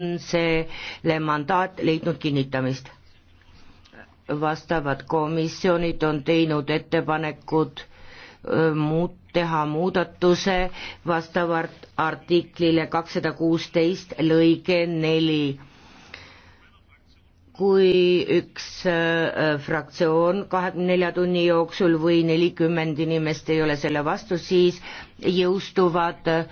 on selle mandaat leidnud kinnitamist. vastavad komisjonid on teinud ettepanekud muud, teha muudatuse vastavalt artiklile kakssada kuusteist lõige neli. kui üks fraktsioon kahekümne nelja tunni jooksul või nelikümmend inimest ei ole selle vastu, siis jõustuvad